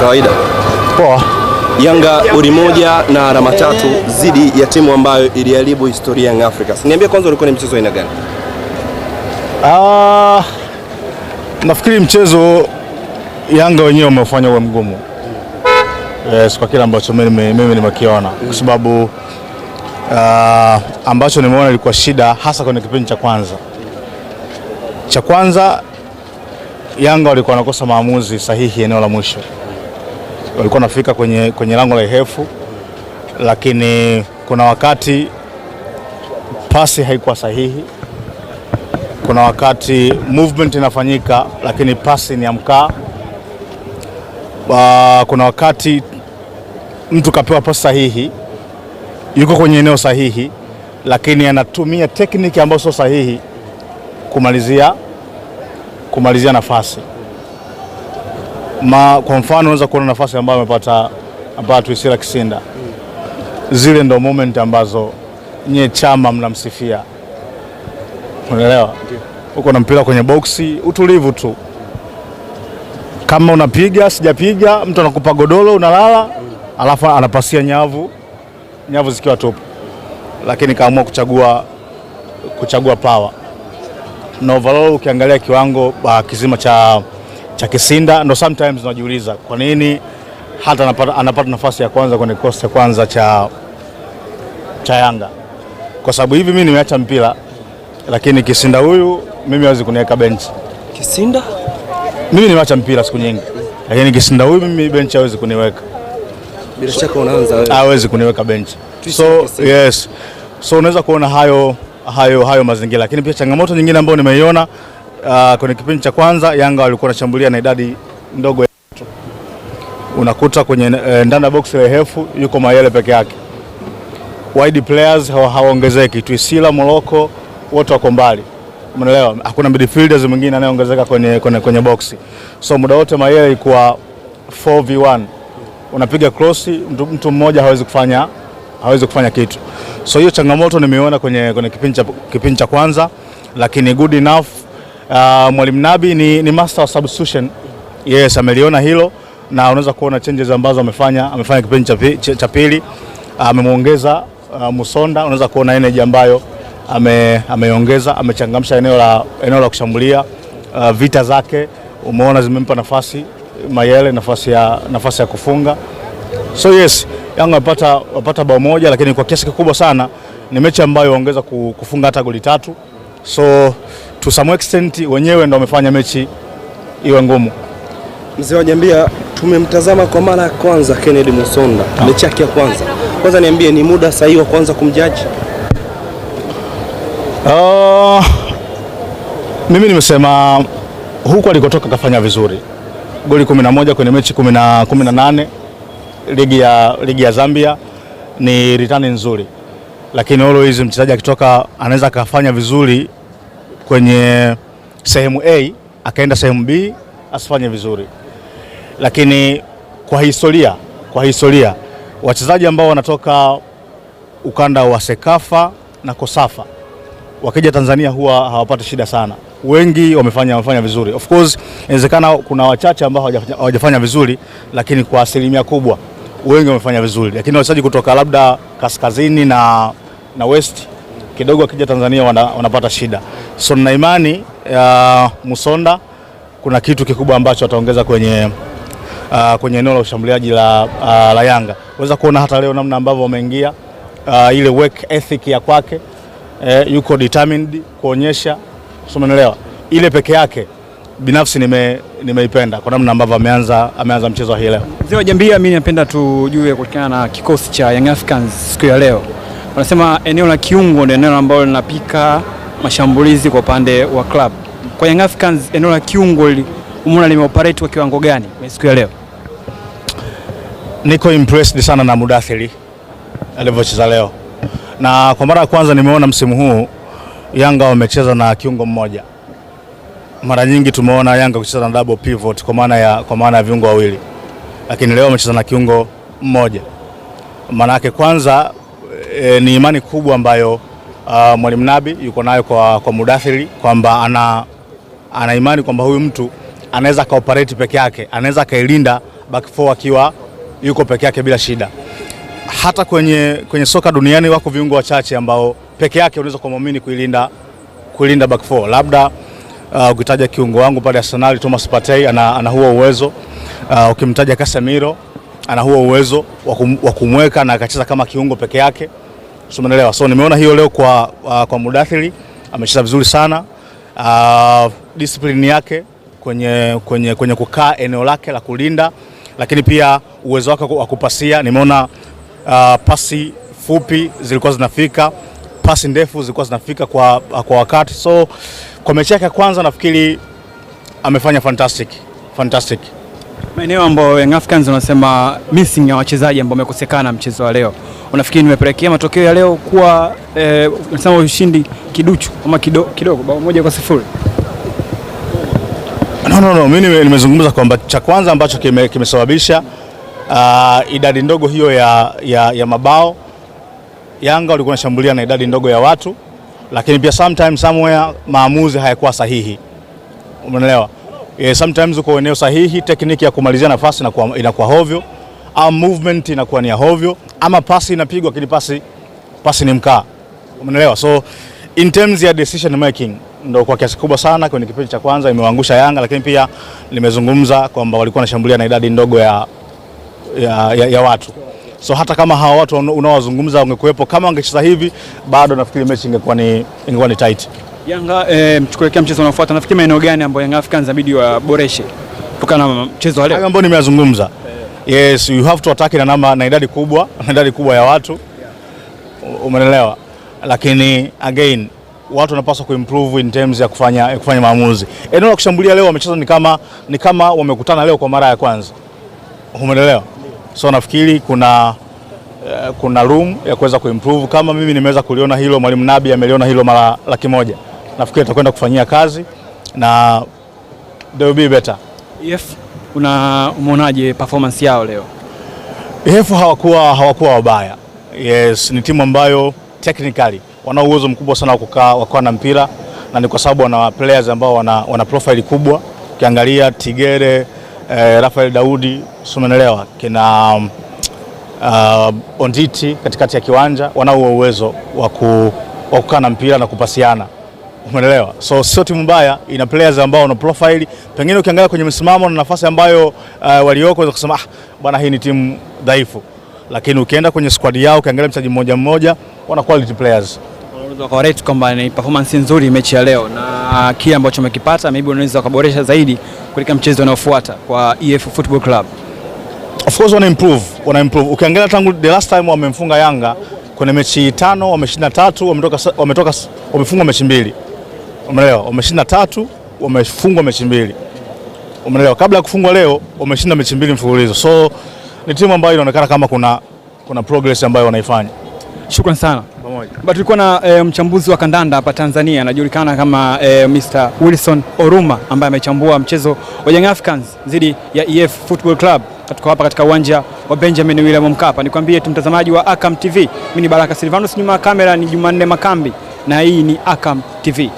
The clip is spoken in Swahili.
kawaida. Poa. Yanga uli moja na alama tatu zidi ya timu ambayo iliharibu historia ya Afrika. Niambie kwanza ulikuwa ni mchezo aina gani? Ah, nafikiri mchezo Yanga wenyewe wamefanya uwe mgumu. Yes, eh, kwa kile ambacho mimi nimekiona kwa mm. sababu uh, ambacho nimeona ilikuwa shida hasa kwenye kipindi cha kwanza cha kwanza Yanga walikuwa wanakosa maamuzi sahihi eneo la mwisho walikuwa wanafika kwenye, kwenye lango la Ihefu, lakini kuna wakati pasi haikuwa sahihi, kuna wakati movement inafanyika lakini pasi ni ya mkaa. kuna wakati mtu kapewa pasi sahihi, yuko kwenye eneo sahihi, lakini anatumia tekniki ambayo sio sahihi kumalizia kumalizia nafasi ma, kwa mfano unaweza kuona nafasi ambayo amepata ambayo Tuisila Kisinda, zile ndo moment ambazo nye chama mnamsifia, unaelewa? Uko na mpira kwenye boksi, utulivu tu, kama unapiga sijapiga, mtu anakupa godoro, unalala, alafu anapasia nyavu, nyavu zikiwa tupu, lakini kaamua kuchagua kuchagua pawa na overall ukiangalia kiwango uh, kizima cha cha Kisinda, ndo sometimes najiuliza kwa nini hata anapata, anapata nafasi ya kwanza kwenye kikosi cha kwanza cha, cha Yanga, kwa sababu hivi mimi nimeacha mpira, lakini Kisinda huyu mimi hawezi kuniweka benchi. Kisinda mimi nimeacha mpira siku nyingi, lakini Kisinda huyu mimi benchi hawezi kuniweka bila shaka. Unaanza wewe, hawezi kuniweka benchi, so yes, so unaweza kuona hayo hayo hayo mazingira, lakini pia changamoto nyingine ambayo nimeiona uh, kwenye kipindi cha kwanza Yanga walikuwa wanashambulia na idadi ndogo ya watu. Unakuta kwenye uh, ndani ya box la hefu yuko Mayele peke yake, wide players hawaongezeki. Tuisila, Moroko wote wako mbali, umeelewa? Hakuna midfielders mwingine anayeongezeka kwenye, kwenye, kwenye box, so muda wote Mayele ilikuwa 4v1 unapiga cross, mtu, mtu mmoja hawezi kufanya hawezi kufanya kitu. So hiyo changamoto nimeona kwenye, kwenye kipindi cha kipindi cha kwanza, lakini good enough Uh, Mwalimu Nabi ni, ni master wa substitution. Yes, ameliona hilo na unaweza kuona changes ambazo amefanya amefanya kipindi cha pili uh, amemwongeza uh, Musonda. Unaweza kuona energy ambayo ameongeza ame amechangamsha eneo la, eneo la kushambulia uh, vita zake umeona zimempa nafasi Mayele nafasi ya, nafasi ya kufunga. So yes, Yanga wapata, wapata bao moja, lakini kwa kiasi kikubwa sana ni mechi ambayo waongeza kufunga hata goli tatu so to some extent wenyewe ndio wamefanya mechi iwe ngumu. Mzee wanyambia, tumemtazama kwa mara ya kwanza Kennedy Musonda no. Ah. mechi yake ya kwanza kwanza, niambie ni muda sahihi wa kwanza kumjaji? Uh, mimi nimesema huku alikotoka kafanya vizuri, goli 11 kwenye mechi 18 ligi ya, ligi ya Zambia ni ritani nzuri, lakini always mchezaji akitoka anaweza akafanya vizuri kwenye sehemu A akaenda sehemu B asifanye vizuri, lakini kwa historia, kwa historia wachezaji ambao wanatoka ukanda wa Sekafa na Kosafa wakija Tanzania huwa hawapati shida sana, wengi wamefanya wamefanya vizuri. Of course inawezekana kuna wachache ambao hawajafanya vizuri, lakini kwa asilimia kubwa wengi wamefanya vizuri, lakini wachezaji kutoka labda kaskazini na, na west kidogo akija Tanzania wana, wanapata shida. So na imani ya Musonda kuna kitu kikubwa ambacho ataongeza kwenye uh, kwenye eneo la ushambuliaji la, uh, la Yanga. Weza kuona hata leo namna ambavyo wameingia uh, ile work ethic ya kwake eh, yuko determined kuonyesha usomenelewa Ile peke yake binafsi nime nimeipenda kwa namna ambavyo ameanza ameanza mchezo hii leo. Mzee wa Jambia, mimi napenda tujue kutokana na kikosi cha Young Africans siku ya leo wanasema eneo la kiungo ndio eneo ambalo linapika mashambulizi kwa upande wa club. Kwa Young Africans eneo la kiungo umeona limeoperate kwa kiwango gani siku ya leo? Niko impressed sana na Mudathiri alivyocheza leo, na kwa mara ya kwanza nimeona msimu huu Yanga wamecheza na kiungo mmoja. Mara nyingi tumeona Yanga kucheza na double pivot kwa maana ya, kwa maana ya viungo wawili, lakini leo wamecheza na kiungo mmoja. Maana yake kwanza e, ni imani kubwa ambayo uh, Mwalimu Nabi yuko nayo kwa, kwa Mudathiri kwamba ana, ana imani kwamba huyu mtu anaweza kaoperate peke yake, anaweza akailinda back four akiwa yuko peke yake bila shida. Hata kwenye, kwenye soka duniani wako viungo wachache ambao peke yake unaweza kumwamini kuilinda, kuilinda back four labda Uh, ukitaja kiungo wangu pale Arsenal Thomas Partey ana, ana huo uwezo uh, ukimtaja Casemiro ana huo uwezo wa kumweka na akacheza kama kiungo peke yake. Umeelewa? So nimeona hiyo leo kwa, uh, kwa Mudathiri amecheza vizuri sana uh, discipline yake kwenye, kwenye, kwenye kukaa eneo lake la kulinda, lakini pia uwezo wake wa kupasia. Nimeona uh, pasi fupi zilikuwa zinafika, pasi ndefu zilikuwa zinafika kwa, uh, kwa wakati. So kwa mechi yake ya kwanza nafikiri amefanya fantastic, fantastic maeneo ambayo Young Africans unasema missing ya wachezaji ambao wamekosekana mchezo wa leo, unafikiri nimepelekea matokeo ya leo kuwa eh, unasema ushindi kiduchu ama kido, kidogo bao moja kwa sifuri? No, no, no. Mimi nimezungumza kwamba cha kwanza ambacho kimesababisha kime uh, ah, idadi ndogo hiyo ya, ya, ya mabao Yanga walikuwa wanashambulia na idadi ndogo ya watu, lakini pia sometimes somewhere maamuzi hayakuwa sahihi, umeelewa? yeah, sometimes uko eneo sahihi, tekniki ya kumalizia nafasi inakuwa hovyo, au movement inakuwa ni ya hovyo, ama pasi inapigwa lakini pasi, pasi ni mkaa, umeelewa? So in terms ya decision making ndo kwa kiasi kubwa sana kwenye kipindi cha kwanza imewaangusha Yanga, lakini pia nimezungumza kwamba walikuwa wanashambulia na idadi ndogo ya, ya, ya, ya watu so hata kama hawa watu unaowazungumza wangekuwepo, kama wangecheza hivi, bado nafikiri mechi ingekuwa ni, ingekuwa ni tight. Yanga eh, mchukuelekea mchezo unaofuata, nafikiri maeneo gani ambayo Young Africans inabidi waboreshe kutokana na mchezo wa leo ambao nimeyazungumza? Yeah. Yes, you have to attack na namba na idadi kubwa na idadi kubwa ya watu yeah. Umeelewa, lakini again watu wanapaswa kuimprove in terms ya kufanya, ya kufanya maamuzi. Eneo la kushambulia leo wamecheza ni kama, ni kama wamekutana leo kwa mara ya kwanza, umeelewa? So nafikiri kuna eh, kuna room ya kuweza kuimprove. Kama mimi nimeweza kuliona hilo, mwalimu Nabi ameliona hilo mara laki moja nafikiri tutakwenda kufanyia kazi na they will be better. EF una umeonaje performance yao leo? EF hawakuwa hawakuwa wabaya. Yes, ni timu ambayo technically wana uwezo mkubwa sana wa kukaa na mpira na ni kwa sababu wana players ambao wana, wana profile kubwa. Ukiangalia Tigere eh, Rafael Daudi sumenelewa kina uh, Onditi katikati ya kiwanja wana uwezo wa kukaa na mpira na kupasiana. Umeelewa? So sio timu mbaya, ina players ambao wana profile. Pengine ukiangalia kwenye msimamo na nafasi ambayo uh, walioko za kusema ah, bwana hii ni timu dhaifu, lakini ukienda kwenye squad yao ukiangalia mchezaji mmoja mmoja, wana quality players. Unaweza kurate kwamba ni performance nzuri mechi ya leo na kile ambacho umekipata, maybe unaweza ukaboresha zaidi kuelekea mchezo unaofuata kwa EF Football Club. Of course wana improve, wana improve. Ukiangalia tangu the last time wamemfunga Yanga kwenye mechi tano, wameshinda tatu, wametoka wametoka wamefunga mechi mbili umeelewa, wameshinda tatu, wamefungwa mechi mbili, umeelewa. Kabla ya kufungwa leo wameshinda mechi mbili mfululizo, so ni timu ambayo inaonekana kama kuna, kuna progress ambayo wanaifanya. Shukran sana pamoja. Tulikuwa na e, mchambuzi wa kandanda hapa Tanzania anajulikana kama e, eh, Mr. Wilson Oruma ambaye amechambua mchezo wa Young Africans dhidi ya EF Football Club katika hapa katika uwanja wa Benjamin William Mkapa. Nikwambie tu mtazamaji wa Akam TV, mimi ni Baraka Silvanus, nyuma ya kamera ni Jumanne Makambi na hii ni Akam TV.